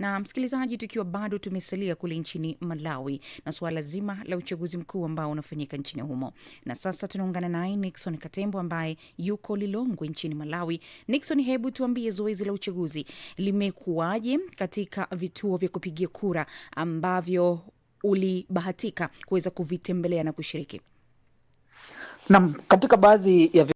Na msikilizaji, tukiwa bado tumesalia kule nchini Malawi na suala zima la uchaguzi mkuu ambao unafanyika nchini humo, na sasa tunaungana naye Nixon Katembo ambaye yuko Lilongwe nchini Malawi. Nixon, hebu tuambie zoezi la uchaguzi limekuwaje katika vituo vya kupigia kura ambavyo ulibahatika kuweza kuvitembelea na kushiriki? Nam, katika baadhi ya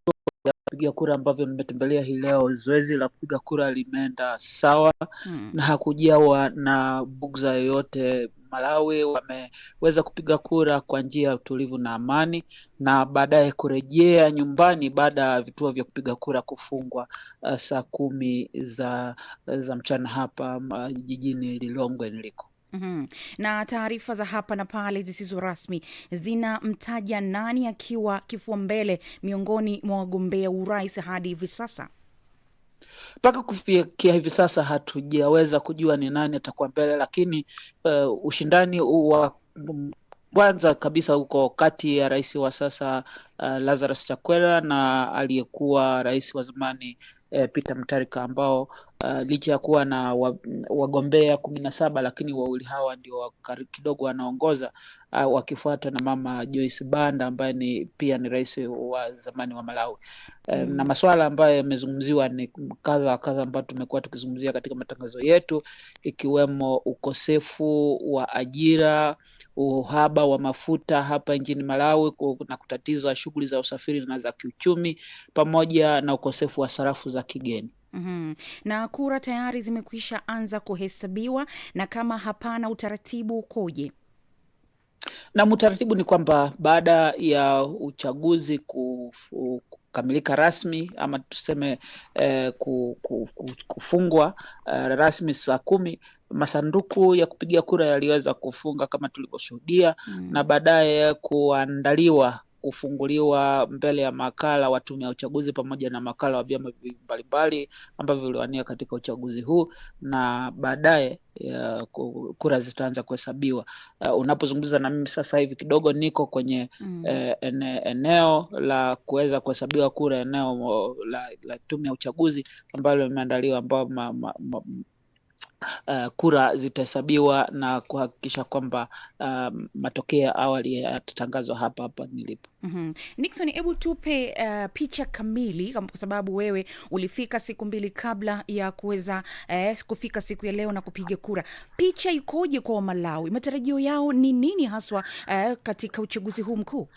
kupiga kura ambavyo mmetembelea hii leo, zoezi la kupiga kura limeenda sawa mm. na hakujawa na bugza yoyote. Malawi wameweza kupiga kura kwa njia ya utulivu na amani, na baadaye kurejea nyumbani baada ya vituo vya kupiga kura kufungwa uh, saa kumi za, eh, za mchana hapa uh, jijini Lilongwe niliko. Mm -hmm. Na taarifa za hapa na pale zisizo rasmi zinamtaja nani akiwa kifua mbele miongoni mwa wagombea urais hadi hivi sasa? Mpaka kufikia hivi sasa hatujaweza kujua ni nani atakuwa mbele, lakini uh, ushindani wa kwanza kabisa uko kati ya rais wa sasa uh, Lazarus Chakwera na aliyekuwa rais wa zamani uh, Peter Mutharika ambao Uh, licha ya kuwa na wagombea kumi na saba lakini wawili hawa ndio kidogo wanaongoza uh, wakifuatwa na mama Joyce Banda ambaye ni pia ni rais wa zamani wa Malawi uh, mm. na masuala ambayo yamezungumziwa ni kadha wa kadha ambayo tumekuwa tukizungumzia katika matangazo yetu ikiwemo ukosefu wa ajira, uhaba wa mafuta hapa nchini Malawi na kutatiza shughuli za usafiri na za kiuchumi pamoja na ukosefu wa sarafu za kigeni. Mm -hmm. Na kura tayari zimekwisha anza kuhesabiwa, na kama hapana, utaratibu ukoje? Na utaratibu ni kwamba baada ya uchaguzi kufu, kukamilika rasmi ama tuseme eh, kufungwa eh, rasmi saa kumi masanduku ya kupigia kura yaliweza kufunga kama tulivyoshuhudia, mm. na baadaye kuandaliwa kufunguliwa mbele ya makala wa tume ya uchaguzi pamoja na makala wa vyama mbalimbali ambavyo viliwania katika uchaguzi huu, na baadaye kura zitaanza kuhesabiwa. Uh, unapozungumza na mimi sasa hivi kidogo niko kwenye mm. eh, ene, eneo la kuweza kuhesabiwa kura, eneo la, la tume ya uchaguzi ambalo limeandaliwa ambao uh, kura zitahesabiwa na kuhakikisha kwamba uh, matokeo ya awali yatatangazwa hapa hapa nilipo. mm-hmm. Nixon, hebu tupe uh, picha kamili, kwa sababu wewe ulifika siku mbili kabla ya kuweza eh, kufika siku ya leo na kupiga kura. Picha ikoje kwa Wamalawi? Matarajio yao ni nini haswa eh, katika uchaguzi huu mkuu?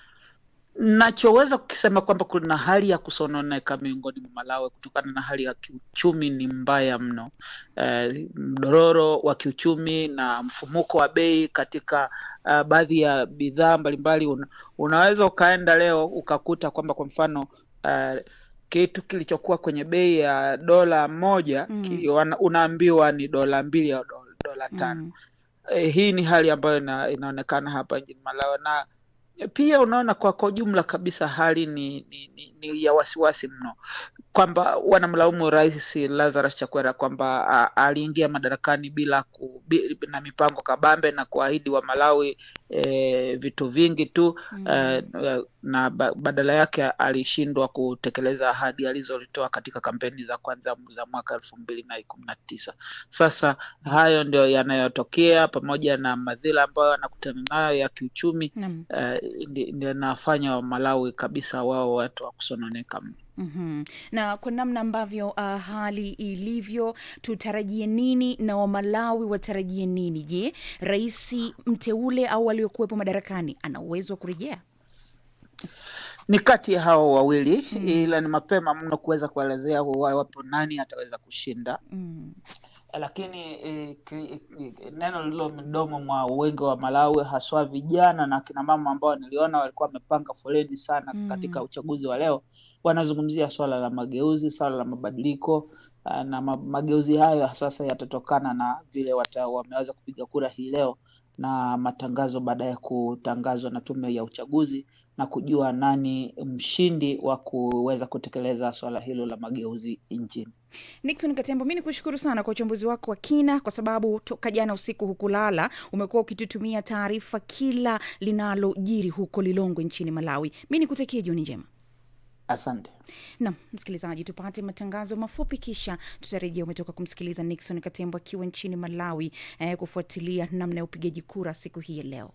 Nachoweza kukisema kwamba kuna hali ya kusononeka miongoni mwa Malawi kutokana na hali ya kiuchumi ni mbaya mno. E, mdororo wa kiuchumi na mfumuko wa bei katika uh, baadhi ya bidhaa mbalimbali una, unaweza ukaenda leo ukakuta kwamba kwa mfano uh, kitu kilichokuwa kwenye bei ya dola moja mm. unaambiwa ni dola mbili au dola tano. Mm. E, hii ni hali ambayo ina, inaonekana hapa nchini Malawi na pia unaona kwa kwa jumla kabisa hali ni, ni, ni, ni ya wasiwasi mno kwamba wanamlaumu Rais Lazarus Chakwera kwamba aliingia madarakani bila ku, na mipango kabambe na kuahidi wa Malawi e, vitu vingi tu mm. e, na badala yake alishindwa kutekeleza ahadi alizolitoa katika kampeni za kwanza za mwaka elfu mbili na kumi na tisa. Sasa hayo ndio yanayotokea pamoja na madhila ambayo anakutana nayo ya kiuchumi mm. e, ndio inafanya Malawi kabisa wao watu wa kusononeka mno. Mm -hmm. Na kwa namna ambavyo uh, hali ilivyo, tutarajie nini na Wamalawi watarajie nini? Je, rais mteule au aliyokuwepo madarakani ana uwezo wa kurejea? Ni kati ya hao wawili mm -hmm. Ila ni mapema mno kuweza kuelezea wapo nani ataweza kushinda mm -hmm lakini e, neno lilo mdomo mwa wengi wa Malawi haswa vijana na kina mama ambao niliona walikuwa wamepanga foleni sana mm. katika uchaguzi wa leo, wanazungumzia swala la mageuzi, swala la mabadiliko eh, na mageuzi hayo sasa yatatokana na vile wameweza kupiga kura hii leo na matangazo baada ya kutangazwa na tume ya uchaguzi na kujua nani mshindi wa kuweza kutekeleza swala hilo la mageuzi nchini. Nixon Katembo, mi ni kushukuru sana kwa uchambuzi wako wa kina, kwa sababu toka jana usiku hukulala, umekuwa ukitutumia taarifa kila linalojiri huko Lilongwe nchini Malawi. Mi nikutekie jioni njema. Asante nam msikilizaji, tupate matangazo mafupi, kisha tutarejea. Umetoka kumsikiliza Nixon Katembo akiwa nchini Malawi eh, kufuatilia namna ya upigaji kura siku hii ya leo.